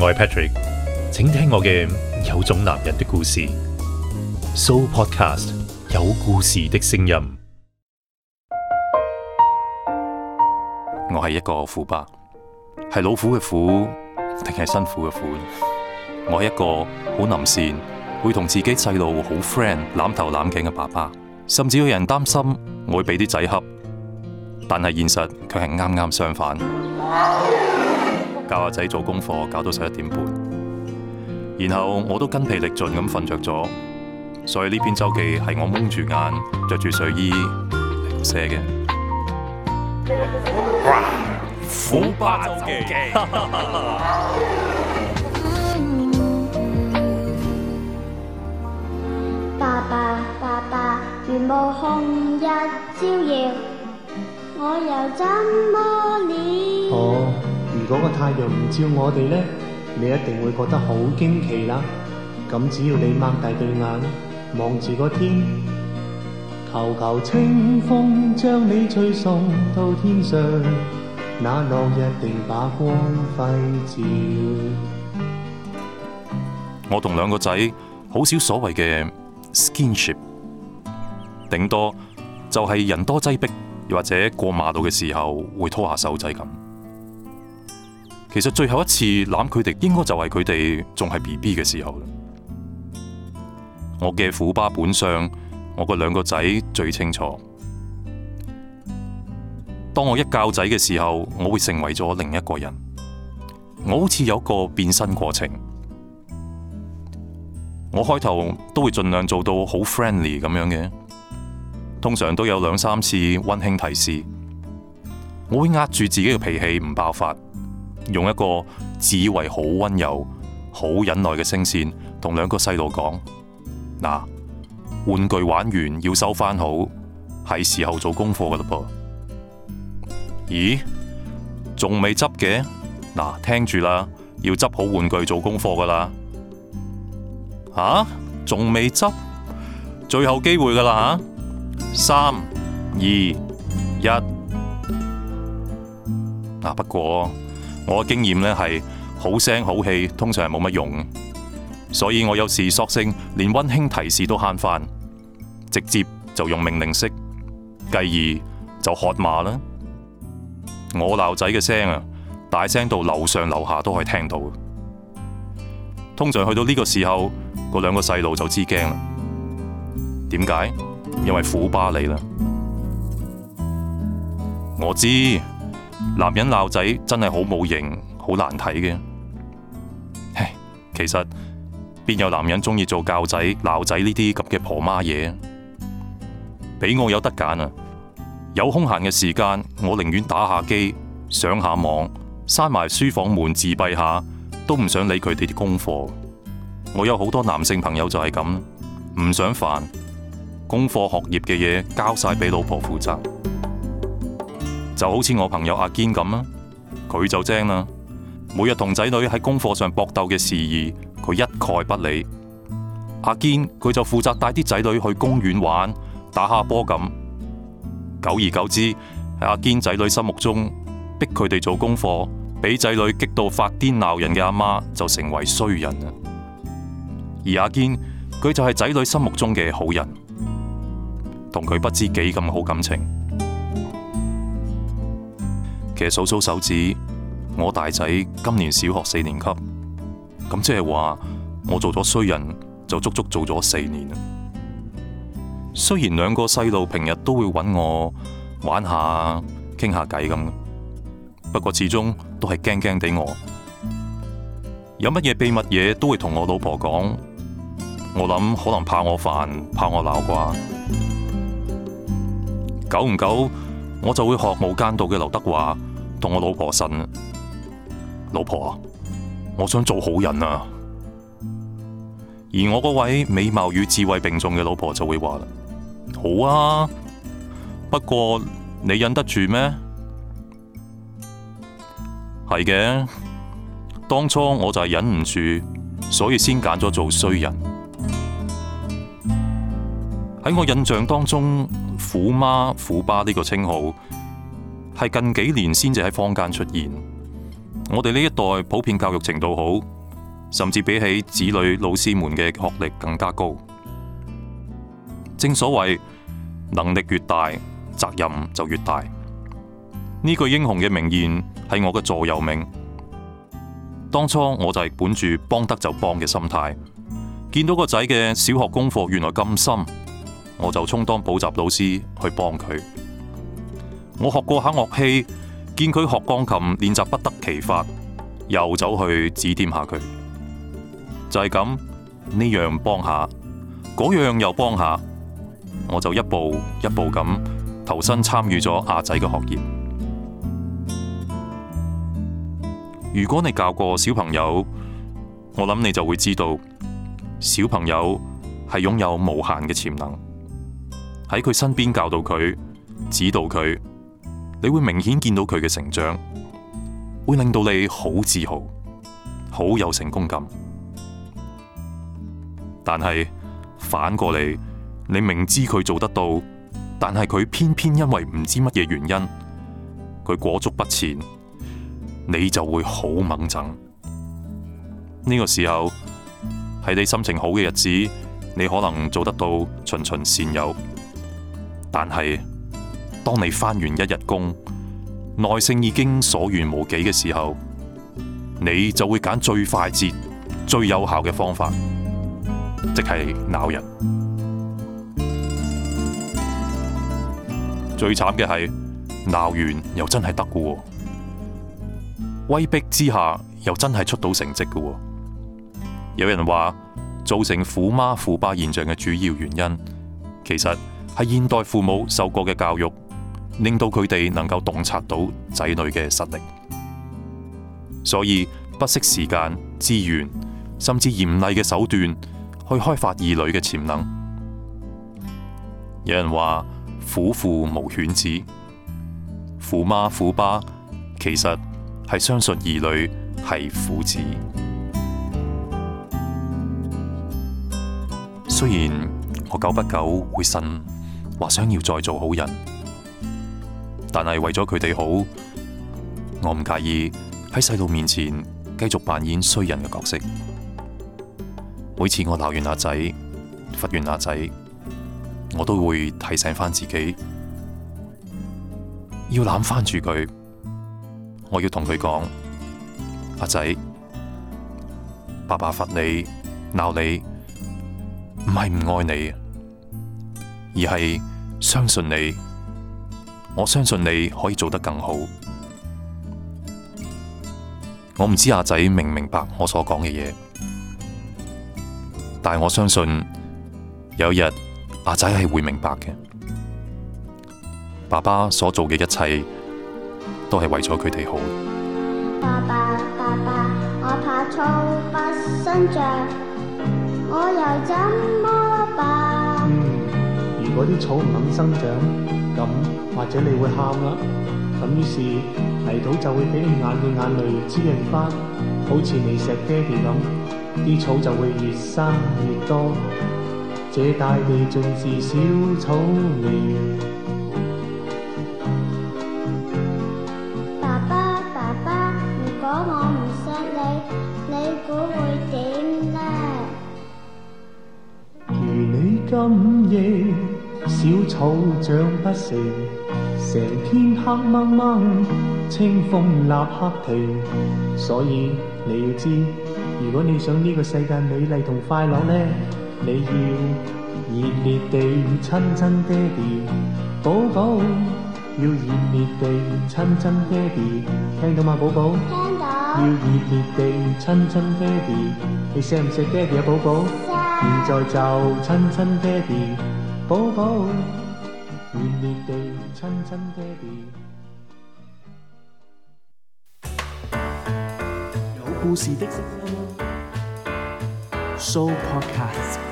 我係 Patrick，請聽我嘅有種男人的故事。So Podcast 有故事的聲音。我係一個虎爸，係老虎嘅虎定係辛苦嘅苦？我係一個好林善，會同自己細路好 friend，攬頭攬頸嘅爸爸，甚至有人擔心我會俾啲仔恰，但係現實卻係啱啱相反。教下仔做功課，搞到十一點半，然後我都筋疲力盡咁瞓着咗，所以呢篇周記係我蒙住眼着住睡衣寫嘅。虎爸周記。爸爸爸爸，願望紅日照耀，我又怎麼了？Oh? 如果個太陽唔照我哋咧，你一定會覺得好驚奇啦！咁只要你擘大對眼望住個天，求求清風將你吹送到天上，那落一定把光輝照。我同兩個仔好少所謂嘅 skinship，頂多就係人多擠迫，又或者過馬路嘅時候會拖下手仔咁。其實最後一次攬佢哋，應該就係佢哋仲係 B B 嘅時候。我嘅虎爸本相，我個兩個仔最清楚。當我一教仔嘅時候，我會成為咗另一個人。我好似有個變身過程。我開頭都會盡量做到好 friendly 咁樣嘅，通常都有兩三次溫馨提示，我會壓住自己嘅脾氣，唔爆發。用一個自以為好溫柔、好忍耐嘅聲線，同兩個細路講：嗱，玩具玩完要收返好，係時候做功課噶啦噃。咦，仲未執嘅？嗱，聽住啦，要執好玩具做功課噶啦。吓、啊，仲未執？最後機會噶啦，三、啊、二、一。嗱，不過。我經驗咧係，好聲好氣通常係冇乜用，所以我有時索性連溫馨提示都慳翻，直接就用命令式，繼而就喝罵啦。我鬧仔嘅聲啊，大聲到樓上樓下都可以聽到。通常去到呢個時候，嗰兩個細路就知驚啦。點解？因為苦巴你啦，我知。男人鬧仔真係好冇型，好難睇嘅。唉，其實邊有男人鍾意做教仔、鬧仔呢啲咁嘅婆媽嘢？俾我有得揀啊，有空閒嘅時間，我寧願打下機、上下網、閂埋書房門自閉下，都唔想理佢哋啲功課。我有好多男性朋友就係咁，唔想煩功課、學業嘅嘢，交晒俾老婆負責。就好似我朋友阿堅咁啦，佢就精啦，每日同仔女喺功課上搏鬥嘅事宜，佢一概不理。阿堅佢就負責帶啲仔女去公園玩，打下波咁。久而久之，喺阿堅仔女心目中，逼佢哋做功課，俾仔女激到發癲鬧人嘅阿媽就成為衰人啦。而阿堅佢就係仔女心目中嘅好人，同佢不知幾咁好感情。其實數數手指，我大仔今年小學四年級，咁即係話我做咗衰人就足足做咗四年啦。雖然兩個細路平日都會揾我玩下，傾下偈咁，不過始終都係驚驚地我，有乜嘢秘密嘢都會同我老婆講。我諗可能怕我煩、怕我鬧啩。久唔久我就會學無間道嘅劉德華。同我老婆呻，老婆啊，我想做好人啊。而我嗰位美貌與智慧並重嘅老婆就會話啦：好啊，不過你忍得住咩？係嘅，當初我就係忍唔住，所以先揀咗做衰人。喺我印象當中，虎媽虎爸呢個稱號。係近幾年先至喺坊間出現，我哋呢一代普遍教育程度好，甚至比起子女老師們嘅學歷更加高。正所謂能力越大，責任就越大。呢句英雄嘅名言係我嘅座右銘。當初我就係本住幫得就幫嘅心態，見到個仔嘅小學功課原來咁深，我就充當補習老師去幫佢。我學過下樂器，見佢學鋼琴練習不得其法，又走去指點下佢。就係咁，呢樣幫下，嗰樣又幫下，我就一步一步咁投身參與咗阿仔嘅學業。如果你教過小朋友，我諗你就會知道，小朋友係擁有無限嘅潛能，喺佢身邊教導佢，指導佢。你會明顯見到佢嘅成長，會令到你好自豪，好有成功感。但係反過嚟，你明知佢做得到，但係佢偏偏因為唔知乜嘢原因，佢裹足不前，你就會好猛憎。呢個時候係你心情好嘅日子，你可能做得到循循善誘，但係。當你翻完一日工，耐性已經所餘無幾嘅時候，你就會揀最快捷、最有效嘅方法，即係鬧人。最慘嘅係鬧完又真係得噶，威逼之下又真係出到成績噶。有人話造成虎媽虎爸現象嘅主要原因，其實係現代父母受過嘅教育。令到佢哋能夠洞察到仔女嘅實力，所以不惜時間、資源，甚至嚴厲嘅手段去開發兒女嘅潛能。有人話虎父，虎父無犬子，虎媽虎爸其實係相信兒女係虎子。雖然我久不久會呻，話想要再做好人。但係為咗佢哋好，我唔介意喺細路面前繼續扮演衰人嘅角色。每次我鬧完阿仔、罰完阿仔，我都會提醒翻自己，要攬翻住佢。我要同佢講：阿仔，爸爸罰你、鬧你，唔係唔愛你，而係相信你。我相信你可以做得更好。我唔知阿仔明唔明白我所講嘅嘢，但係我相信有一日阿仔係會明白嘅。爸爸所做嘅一切都係為咗佢哋好。爸爸，爸爸，我怕草不生長，我又怎麼辦？嗯，如果啲草唔肯生長，咁？或者你會喊啦，咁於是泥土就會俾你眼嘅眼淚滋潤翻，好似你錫爹哋咁，啲草就會越生越多，這大地盡是小草味。爸爸，爸爸，如果我唔錫你，你估會點呢？如你今日小草長不成。成天黑濛濛，清風立刻停。所以你要知，如果你想呢個世界美麗同快樂呢，你要熱烈地親親爹哋，寶寶要熱烈地親親爹哋，聽到嗎，寶寶？聽到。要熱烈地親親爹哋，你錫唔錫爹哋啊，寶寶？錫想。現在就親親爹哋，寶寶。熱烈地親親爹哋，有故事的聲音。